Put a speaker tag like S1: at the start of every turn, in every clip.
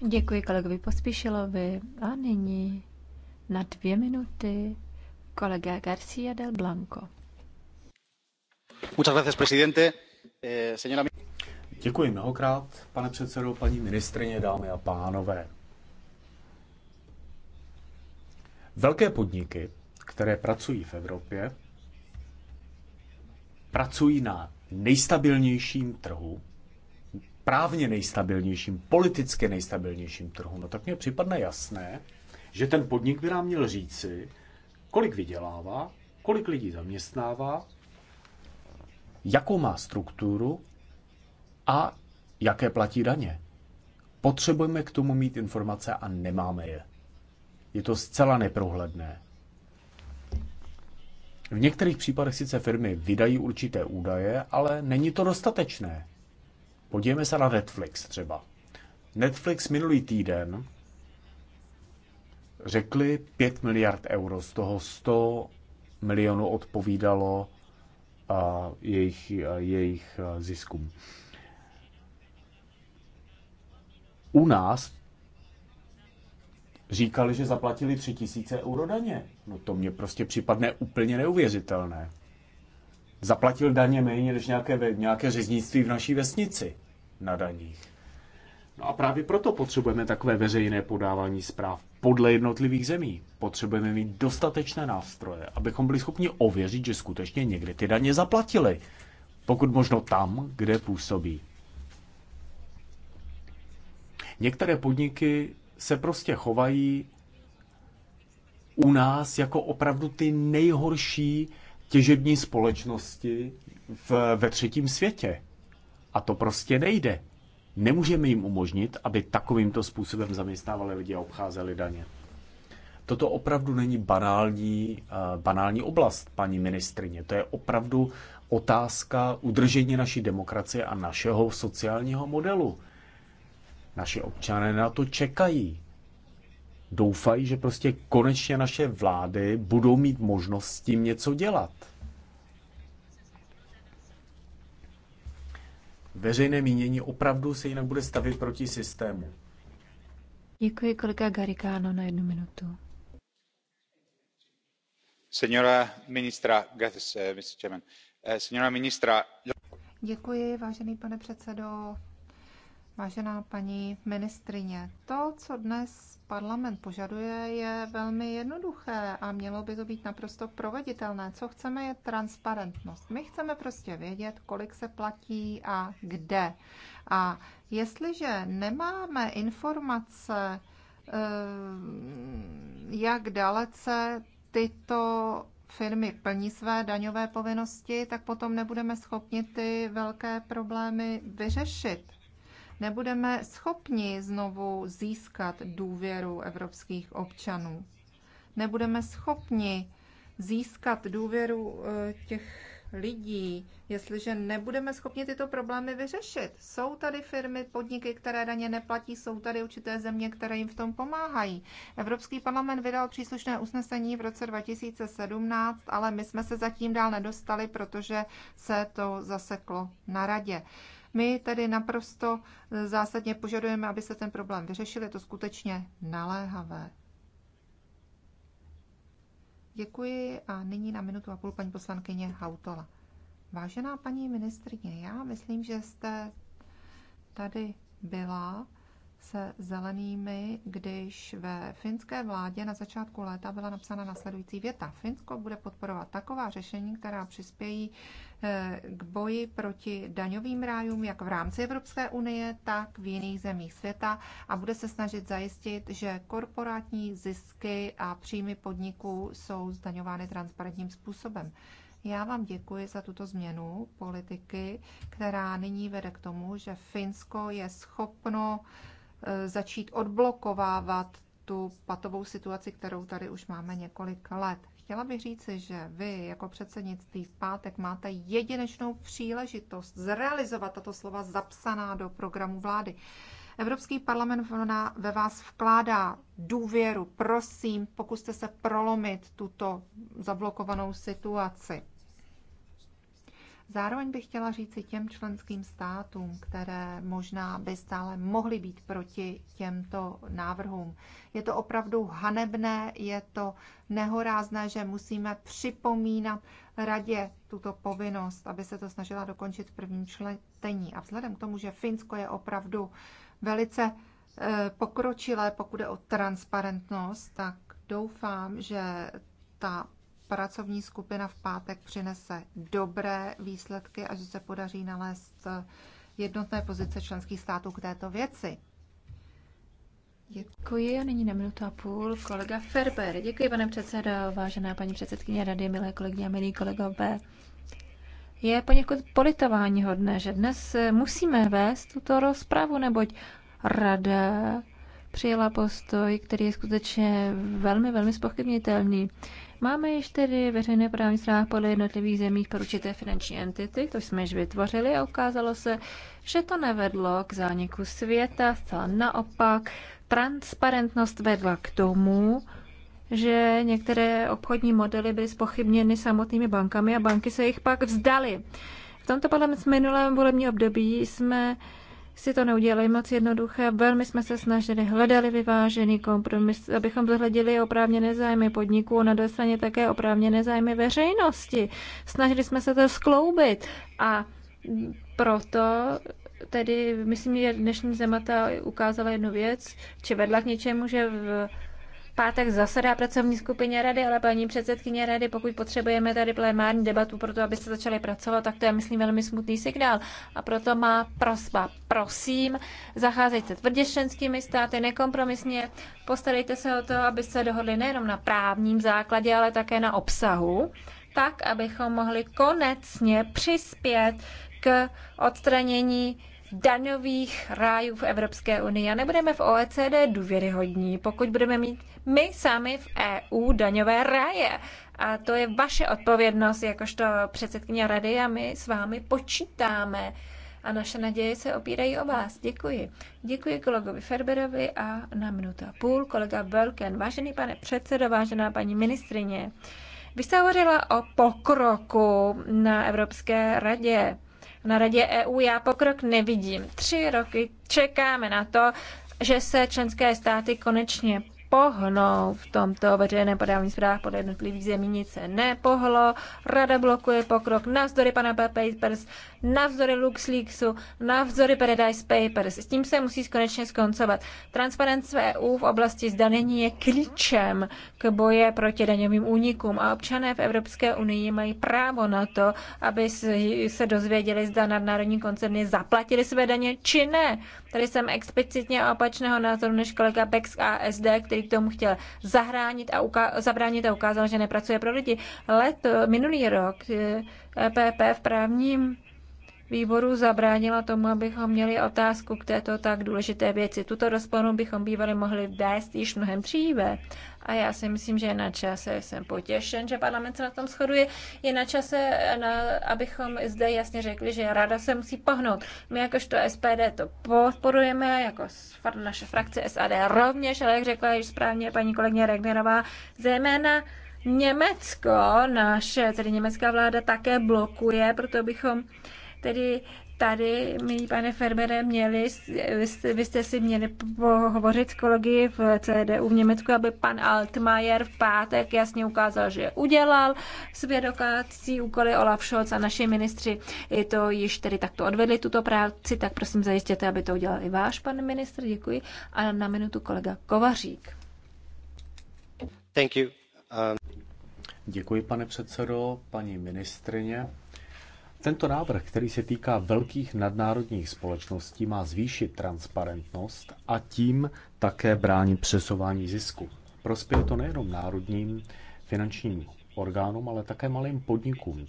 S1: Děkuji kolegovi Pospíšilovi a nyní na dvě minuty kolega García del Blanco.
S2: Eh, Děkuji mnohokrát, pane předsedo, paní ministrině, dámy a pánové. Velké podniky, které pracují v Evropě, pracují na nejstabilnějším trhu, právně nejstabilnějším, politicky nejstabilnějším trhu, no tak mně připadne jasné, že ten podnik by nám měl říci, kolik vydělává, kolik lidí zaměstnává, jakou má strukturu a jaké platí daně. Potřebujeme k tomu mít informace a nemáme je. Je to zcela neprohledné. V některých případech sice firmy vydají určité údaje, ale není to dostatečné. Podívejme se na Netflix třeba. Netflix minulý týden řekli 5 miliard euro, z toho 100 milionů odpovídalo a jejich, a jejich ziskům. U nás říkali, že zaplatili 3000 euro daně. No to mě prostě připadne úplně neuvěřitelné zaplatil daně méně než nějaké, nějaké řeznictví v naší vesnici na daních. No a právě proto potřebujeme takové veřejné podávání zpráv podle jednotlivých zemí. Potřebujeme mít dostatečné nástroje, abychom byli schopni ověřit, že skutečně někde ty daně zaplatili. Pokud možno tam, kde působí. Některé podniky se prostě chovají u nás jako opravdu ty nejhorší těžební společnosti v, ve třetím světě. A to prostě nejde. Nemůžeme jim umožnit, aby takovýmto způsobem zaměstnávali lidi a obcházeli daně. Toto opravdu není banální, eh, banální oblast, paní ministrině. To je opravdu otázka udržení naší demokracie a našeho sociálního modelu. Naši občané na to čekají doufají, že prostě konečně naše vlády budou mít možnost s tím něco dělat. Veřejné mínění opravdu se jinak bude stavit proti
S3: systému.
S1: Děkuji kolega Garikáno na jednu minutu.
S3: Senora ministra, eh, eh,
S4: Děkuji, vážený pane předsedo. Vážená paní ministrině, to, co dnes parlament požaduje, je velmi jednoduché a mělo by to být naprosto proveditelné. Co chceme je transparentnost. My chceme prostě vědět, kolik se platí a kde. A jestliže nemáme informace, eh, jak dalece tyto firmy plní své daňové povinnosti, tak potom nebudeme schopni ty velké problémy vyřešit nebudeme schopni znovu získat důvěru evropských občanů. Nebudeme schopni získat důvěru eh, těch lidí, jestliže nebudeme schopni tyto problémy vyřešit. Jsou tady firmy, podniky, které daně neplatí, jsou tady určité země, které jim v tom pomáhají. Evropský parlament vydal příslušné usnesení v roce 2017, ale my jsme se zatím dál nedostali, protože se to zaseklo na radě. My tady naprosto zásadně požadujeme, aby se ten problém vyřešil. Je to skutečně naléhavé. Děkuji a nyní na minutu a půl paní poslankyně Hautola. Vážená paní ministrině, já myslím, že jste tady byla se zelenými, když ve finské vládě na začátku léta byla napsána nasledující věta. Finsko bude podporovat taková řešení, která přispějí eh, k boji proti daňovým rájům jak v rámci Evropské unie, tak v jiných zemích světa a bude se snažit zajistit, že korporátní zisky a příjmy podniků jsou zdaňovány transparentním způsobem. Já vám děkuji za tuto změnu politiky, která nyní vede k tomu, že Finsko je schopno Eh, začít odblokovávat tu patovou situaci, kterou tady už máme několik let. Chtěla bych říci, že vy jako předsednictví v pátek máte jedinečnou příležitost zrealizovat tato slova zapsaná do programu vlády. Evropský parlament ve vás vkládá důvěru. Prosím, pokuste se prolomit tuto zablokovanou situaci. Zároveň bych chtěla říci těm členským státům, které možná by stále mohly být proti těmto návrhům. Je to opravdu hanebné, je to nehorázné, že musíme připomínat radě tuto povinnost, aby se to snažila dokončit v prvním čtení. A vzhledem k tomu, že Finsko je opravdu velice eh, pokročilé, pokud je o transparentnost, tak doufám, že ta pracovní skupina v pátek přinese dobré výsledky a že se podaří nalézt jednotné pozice členských států k této věci.
S1: Děkuji a nyní na minutu a půl kolega Ferber. Děkuji, pane předsedo, vážená paní předsedkyně rady, milé kolegyně a milí kolegové. Je poněkud politování hodné, že dnes musíme vést tuto rozpravu, neboť rada přijela postoj, který je skutečně velmi, velmi spochybnitelný. Máme již tedy veřejné právní zprávy podle jednotlivých zemích pro určité finanční entity, to jsme již vytvořili a ukázalo se, že to nevedlo k zániku světa, zcela naopak. Transparentnost vedla k tomu, že některé obchodní modely byly spochybněny samotnými bankami a banky se jich pak vzdaly. V tomto parlamentu minulém volební období jsme uh, si to neudělali moc jednoduché. Velmi jsme se snažili, hledali vyvážený kompromis, abychom zhledili oprávněné zájmy podniků a na druhé také oprávněné zájmy veřejnosti. Snažili jsme se to skloubit a proto tedy, myslím, že dnešní zemata ukázala jednu věc, či vedla k něčemu, že v pátek zasedá pracovní skupině rady, ale paní předsedkyně rady, pokud potřebujeme tady plenární debatu pro to, abyste začali pracovat, tak to je, myslím, velmi smutný signál. A proto má prosba. Prosím, zacházejte tvrdě členskými státy, nekompromisně, postarejte se o to, abyste dohodli nejenom na právním základě, ale také na obsahu, tak, abychom mohli konecně přispět k odstranění daňových rájů v Evropské unii a nebudeme v OECD důvěryhodní, pokud budeme mít my sami v EU daňové ráje. A to je vaše odpovědnost, jakožto předsedkyně rady a my s vámi počítáme. A naše naděje se opírají o vás. Děkuji. Děkuji kolegovi Ferberovi a na minutu a půl kolega Belken. Vážený pane předsedo, vážená paní ministrině, vy jste hovořila o pokroku na Evropské radě na radě EU já pokrok nevidím. Tři roky čekáme na to, že se členské státy konečně pohnou v tomto veřejném podávání zpráv podle jednotlivých zemí, nic se nepohlo, rada blokuje pokrok, navzdory pana Papers navzdory LuxLeaksu, navzdory Paradise Papers. S tím se musí konečně skoncovat. Transparence EU v oblasti zdanění je klíčem k boje proti daňovým únikům a občané v Evropské unii mají právo na to, aby se dozvěděli, zda nadnárodní koncerny zaplatili své daně či ne. Tady jsem explicitně opačného názoru než kolega Bex ASD, který k tomu chtěl zahránit a zabránit a ukázal, že nepracuje pro lidi. Let minulý rok EPP eh, e v právním výboru zabránila tomu, abychom měli otázku k této tak důležité věci. Tuto rozponu bychom bývali mohli vést již mnohem dříve. A já si myslím, že je na čase, jsem potěšen, že parlament se na tom shoduje, je na čase, na, abychom zde jasně řekli, že rada se musí pohnout. My jakožto SPD to podporujeme, jako naše frakce SAD rovněž, ale jak řekla již správně paní kolegyně Regnerová, zejména Německo, naše, tedy německá vláda také blokuje, proto bychom Tedy tady, milí pane Fermere, měli, vy jste si měli pohovořit s kolegy v CDU v Německu, aby pan Altmaier v pátek jasně ukázal, že udělal svědokácí úkoly Olaf Scholz a naši ministři je to již tedy takto odvedli tuto práci, tak prosím zajistěte, aby to udělal i váš pan ministr, děkuji. A na minutu kolega Kovařík.
S2: Thank you. Um... Děkuji, pane předsedo, paní ministrině. Tento návrh, který se týká velkých nadnárodních společností, má zvýšit transparentnost a tím také bránit přesování zisku. Prospěje to nejenom národním finančním orgánům, ale také malým podnikům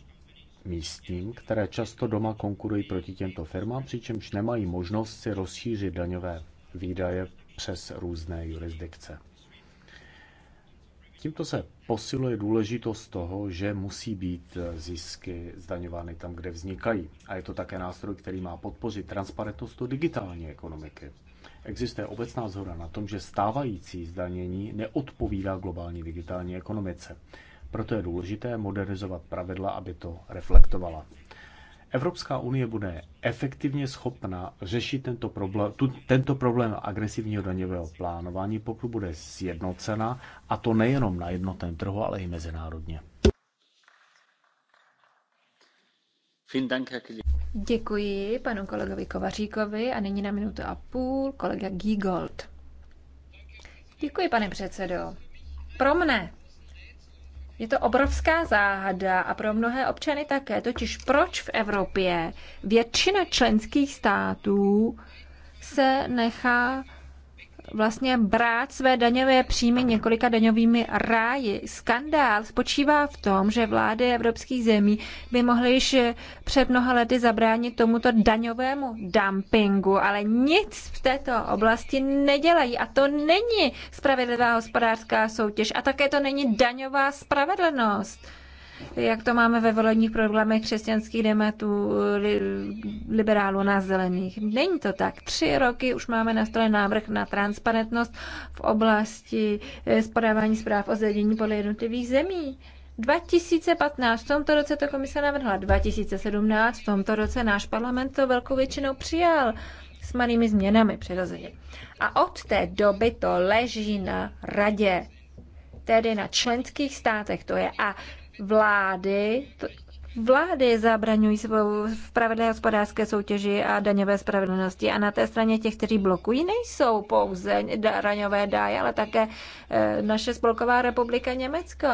S2: místním, které často doma konkurují proti těmto firmám, přičemž nemají možnost si rozšířit daňové výdaje přes různé jurisdikce. Tímto se posiluje důležitost toho, že musí být zisky zdaňovány tam, kde vznikají. A je to také nástroj, který má podpořit transparentnost do digitální ekonomiky. Existuje obecná zhoda na tom, že stávající zdanění neodpovídá globální digitální ekonomice. Proto je důležité modernizovat pravidla, aby to reflektovala. Evropská unie bude efektivně schopna řešit tento problém, tu, tento problém agresivního daňového plánování, pokud bude sjednocena, a to nejenom na jednotném trhu, ale i mezinárodně.
S1: Děkuji panu kolegovi Kovaříkovi a nyní na minutu a půl kolega Giegold. Děkuji, pane předsedo. Pro mne je to obrovská záhada a pro mnohé občany také, totiž proč v Evropě většina členských států se nechá vlastně brát své daňové příjmy několika daňovými ráji. Skandál spočívá v tom, že vlády evropských zemí by mohly již před mnoha lety zabránit tomuto daňovému dumpingu, ale nic v této oblasti nedělají. A to není spravedlivá hospodářská soutěž a také to není daňová spravedlnost jak to máme ve volebních problémech křesťanských dematů, li, liberálů na zelených. Není to tak. Tři roky už máme na stole návrh na transparentnost v oblasti eh, spodávání zpráv o zdanění podle jednotlivých zemí. 2015, v tomto roce to komise navrhla, 2017, v tomto roce náš parlament to velkou většinou přijal s malými změnami přirozeně. A od té doby to leží na radě, tedy na členských státech to je. A vlády Vlády zabraňují spravedlivé hospodářské soutěži a daňové spravedlnosti a na té straně těch, kteří blokují, nejsou pouze daňové dáje, ale také eh, naše spolková republika Německo.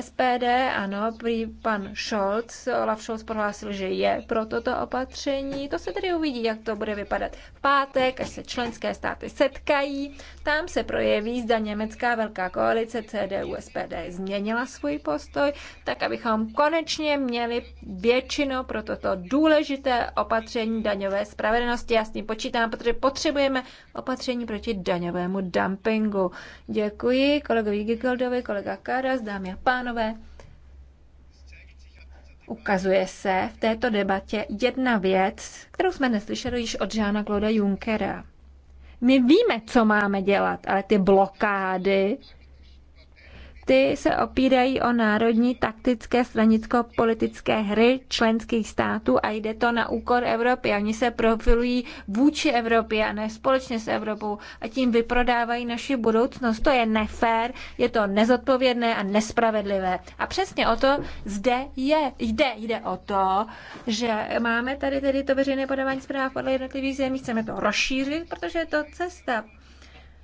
S1: SPD, ano, prý pan Scholz, Olaf Scholz prohlásil, že je pro toto opatření. To se tedy uvidí, jak to bude vypadat v pátek, až se členské státy setkají. Tam se projeví, zda německá velká koalice CDU SPD změnila svůj postoj, tak abychom konečně měli měli většinu pro toto důležité opatření daňové spravedlnosti. Já s tím počítám, protože potřebujeme opatření proti daňovému dumpingu. Děkuji kolegovi Gigoldovi, kolega Karas, dámy a pánové. Ukazuje se v této debatě jedna věc, kterou jsme neslyšeli již od Žána Kloda Junckera. My víme, co máme dělat, ale ty blokády ty se opírají o národní taktické stranicko-politické hry členských států a jde to na úkor Evropy. Oni se profilují vůči Evropě a ne společně s Evropou a tím vyprodávají naši budoucnost. To je nefér, je to nezodpovědné a nespravedlivé. A přesně o to zde je. Jde, jde o to, že máme tady tedy to veřejné podávání zpráv podle jednotlivých zemí, chceme to rozšířit, protože je to cesta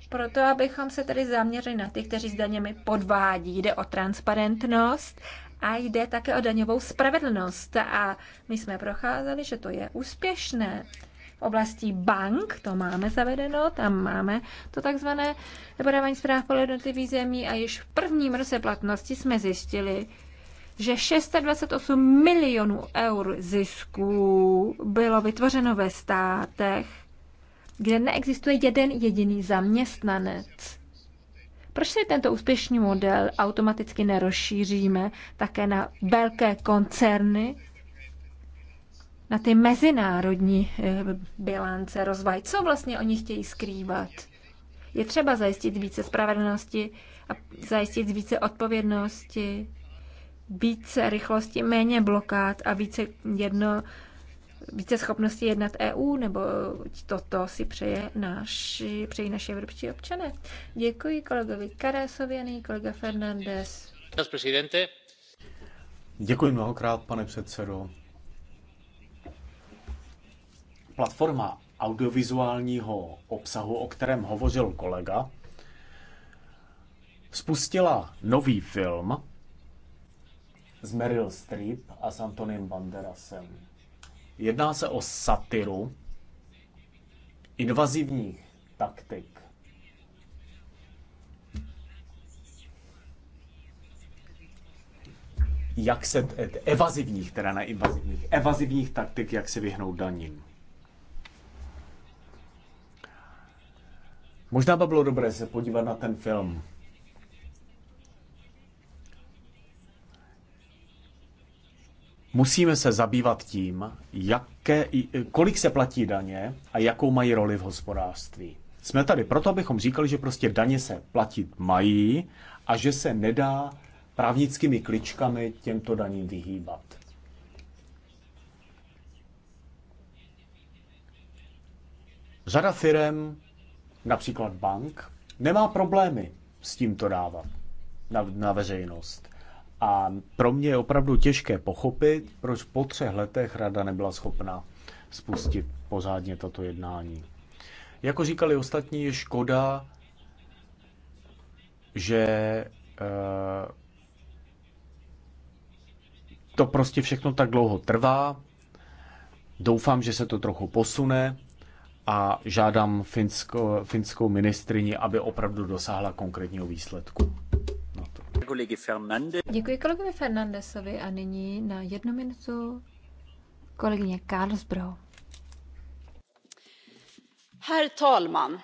S1: proto, abychom se tedy zaměřili na ty, kteří s daněmi podvádí. Jde o transparentnost a jde také o daňovou spravedlnost. A my jsme procházeli, že to je úspěšné. V oblasti bank to máme zavedeno, tam máme to takzvané podávání zpráv podle jednotlivých zemí a již v prvním roce platnosti jsme zjistili, že 628 milionů eur zisků bylo vytvořeno ve státech, kde neexistuje jeden jediný zaměstnanec. Proč si tento úspěšný model automaticky nerozšíříme také na velké koncerny, na ty mezinárodní eh, bilance rozvaj? Co vlastně oni chtějí skrývat? Je třeba zajistit více spravedlnosti a zajistit více odpovědnosti, více rychlosti, méně blokád a více jedno více schopnosti jednat EU, nebo toto si přeje naš, přejí naši evropští občané. Děkuji kolegovi Karasovi a kolega Fernandez.
S2: Děkuji mnohokrát, pane předsedo. Platforma audiovizuálního obsahu, o kterém hovořil kolega, spustila nový film s Meryl Streep a s Antonem Banderasem. Jedná se o satiru invazivních taktik. Jak se, evazivních, teda na invazivních, evazivních taktik, jak se vyhnout daním. Možná by bylo dobré se podívat na ten film. Musíme se zabývat tím, jaké, kolik se platí daně a jakou mají roli v hospodářství. Jsme tady proto, abychom říkali, že prostě daně se platit mají a že se nedá právnickými kličkami těmto daním vyhýbat. Řada firm, například bank, nemá problémy s tímto dávat na, na veřejnost. A pro mě je opravdu těžké pochopit, proč po třech letech rada nebyla schopna spustit pořádně tato jednání. Jako říkali ostatní, je škoda, že eh, to prostě všechno tak dlouho trvá. Doufám, že se to trochu posune a žádám finsko, finskou ministrini, aby opravdu dosáhla konkrétního výsledku.
S1: Děkuji kolegovi Fernandesovi a nyní na jednu minutu kolegyně Karlsbro. Herr talman,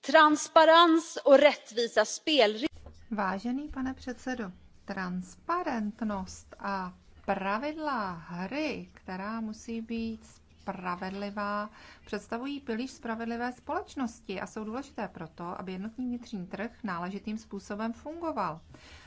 S4: transparens och rättvisa spelregler. Vážený pane předsedo, transparentnost a pravidla hry, která musí být spravedlivá, představují pilíř spravedlivé společnosti a jsou důležité proto, aby jednotný vnitřní trh náležitým způsobem fungoval.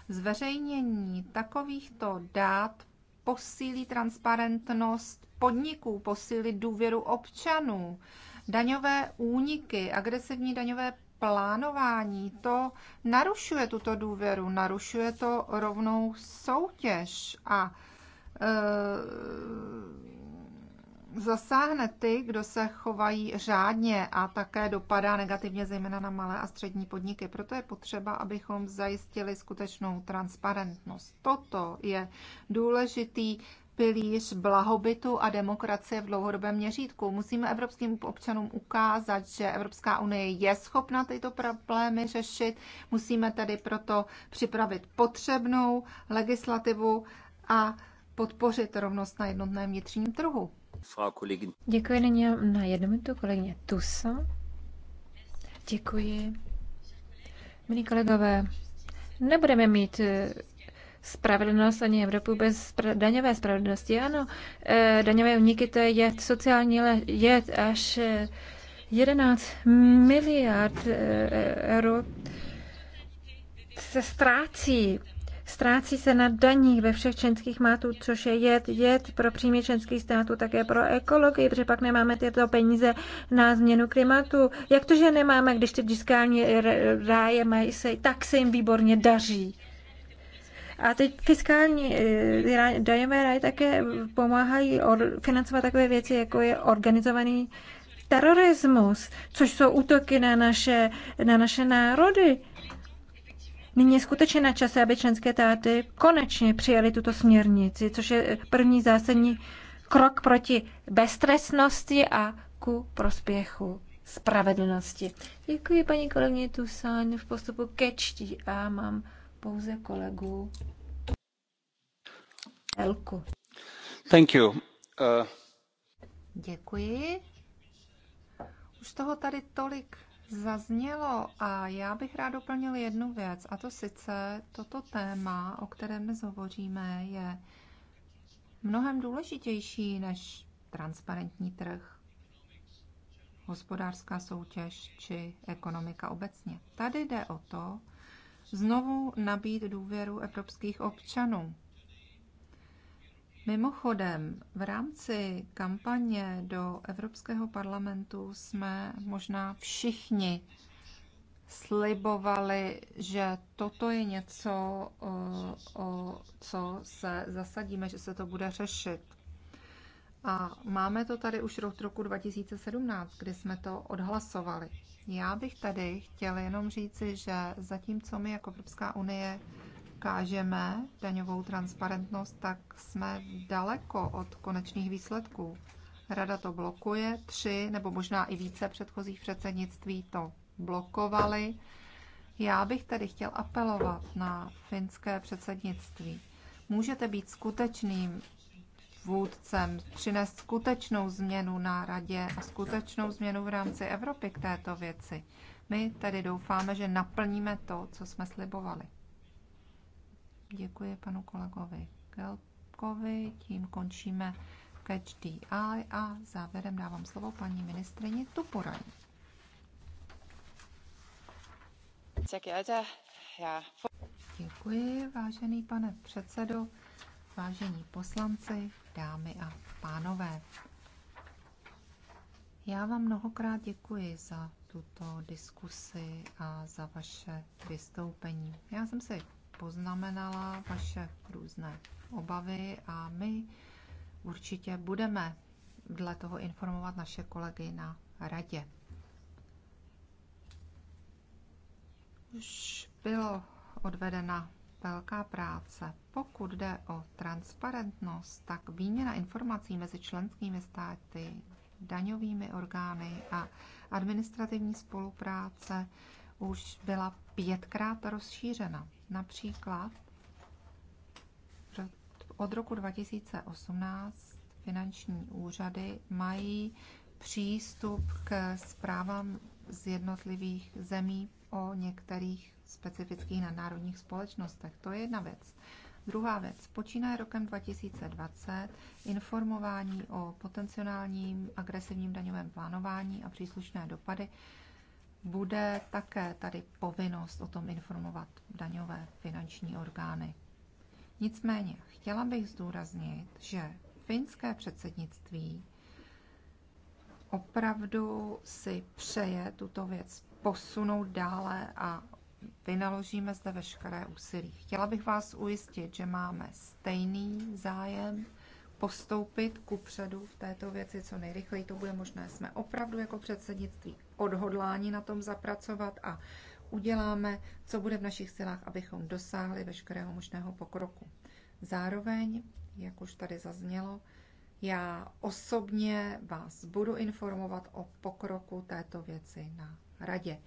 S4: Zveřejnění takovýchto dát posílí transparentnost podniků, posílí důvěru občanů, daňové úniky, agresivní daňové plánování, to narušuje tuto důvěru, narušuje to rovnou soutěž a e, zasáhne ty, kdo se chovají řádně a také dopadá negativně zejména na malé a střední podniky. Proto je potřeba, abychom zajistili skutečnou transparentnost. Toto je důležitý pilíř blahobytu a demokracie v dlouhodobém měřítku. Musíme evropským občanům ukázat, že Evropská unie je schopna tyto problémy řešit. Musíme tedy proto připravit potřebnou legislativu a podpořit rovnost na jednotném vnitřním trhu.
S1: Děkuji nyní na jednu minutu kolegyně Tusa. Děkuji. Milí kolegové, nebudeme mít eh, spravedlnost ani Evropu bez spra- daňové spravedlnosti. Ano, e, daňové uniky to je sociální je až 11 eh, miliard euro se ztrácí Ztrácí se na daních ve všech členských mátů, což je jed, jed pro příjmy členských států, také pro ekologii, protože pak nemáme tyto peníze na změnu klimatu. Jak to, že nemáme, když ty fiskální ráje mají se, tak se jim výborně daří. A teď fiskální eh, dajové ráje také pomáhají financovat takové věci, jako je organizovaný terorismus, což jsou útoky na naše, na naše národy. Nyní je skutečně na čase, aby členské táty konečně přijali tuto směrnici, což je první zásadní krok proti beztresnosti a ku prospěchu spravedlnosti. Děkuji paní kolegyně Tusan v postupu kečtí a mám pouze kolegu Elku.
S3: Thank you. Uh...
S4: Děkuji. Už toho tady tolik zaznělo a já bych rád doplnil jednu věc, a to sice toto téma, o kterém dnes hovoříme, je mnohem důležitější než transparentní trh, hospodářská soutěž či ekonomika obecně. Tady jde o to, znovu nabít důvěru evropských občanů. Mimochodem, v rámci kampaně do Evropského parlamentu jsme možná všichni slibovali, že toto je něco, o, o co se zasadíme, že se to bude řešit. A máme to tady už od roku 2017, kdy jsme to odhlasovali. Já bych tady chtěla jenom říci, že zatímco my jako Evropská unie ukážeme daňovou transparentnost, tak jsme daleko od konečných výsledků. Rada to blokuje, tři nebo možná i více předchozích předsednictví to blokovali. Já bych tedy chtěl apelovat na finské předsednictví. Můžete být skutečným vůdcem, přinést skutečnou změnu na radě a skutečnou změnu v rámci Evropy k této věci. My tedy doufáme, že naplníme to, co jsme slibovali. Děkuji panu kolegovi Kelkovi. Tím končíme Catch the Eye a závěrem dávám slovo paní ministrině Tuporaní. Děkuji, vážený pane předsedo, vážení poslanci, dámy a pánové. Já vám mnohokrát děkuji za tuto diskusi a za vaše vystoupení. Já jsem si poznamenala vaše různé obavy a my určitě budeme dle toho informovat naše kolegy na radě. Už bylo odvedena velká práce. Pokud jde o transparentnost, tak výměna informací mezi členskými státy, daňovými orgány a administrativní spolupráce už byla pětkrát rozšířena. Například od roku 2018 finanční úřady mají přístup k zprávám z jednotlivých zemí o některých specifických nadnárodních společnostech. To je jedna věc. Druhá věc. Počínaje rokem 2020 informování o potenciálním agresivním daňovém plánování a příslušné dopady bude také tady povinnost o tom informovat daňové finanční orgány. Nicméně chtěla bych zdůraznit, že finské předsednictví opravdu si přeje tuto věc posunout dále a vynaložíme zde veškeré úsilí. Chtěla bych vás ujistit, že máme stejný zájem postoupit ku předu v této věci co nejrychleji to bude možné. Jsme opravdu jako předsednictví odhodláni na tom zapracovat a uděláme, co bude v našich silách, abychom dosáhli veškerého možného pokroku. Zároveň, jak už tady zaznělo, já osobně vás budu informovat o pokroku této věci na radě.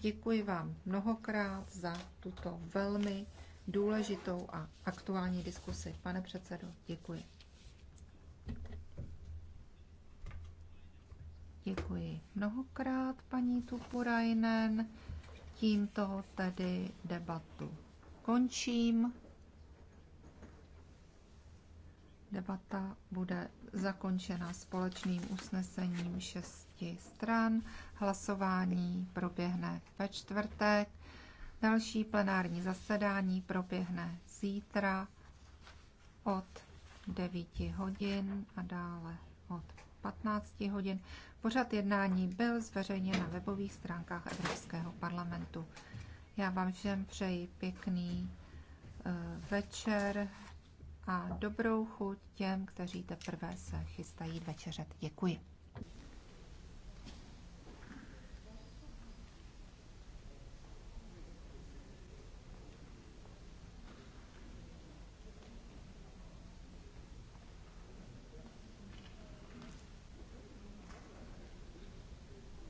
S4: Děkuji vám mnohokrát za tuto velmi důležitou a aktuální diskusi. Pane předsedo, děkuji. Děkuji mnohokrát, paní Tupurajnen. Tímto tedy debatu končím. Debata bude zakončena společným usnesením šesti stran. Hlasování proběhne ve čtvrtek. Další plenární zasedání proběhne zítra od 9 hodin a dále od 15 hodin. Pořad jednání byl zveřejněn na webových stránkách Evropského parlamentu. Já vám všem přeji pěkný eh, večer a dobrou chuť těm, kteří teprve se chystají večeřet. Děkuji.